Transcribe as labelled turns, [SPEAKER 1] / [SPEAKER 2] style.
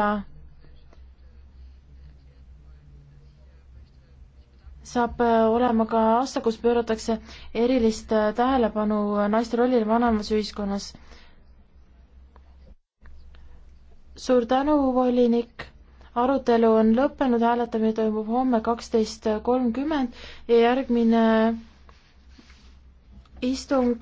[SPEAKER 1] aasta saab äh, olema ka aasta, kus pööratakse erilist äh, tähelepanu äh, naiste rollile vanemas ühiskonnas. suur tänu, volinik, arutelu on lõppenud, hääletamine toimub homme kaksteist kolmkümmend ja järgmine istung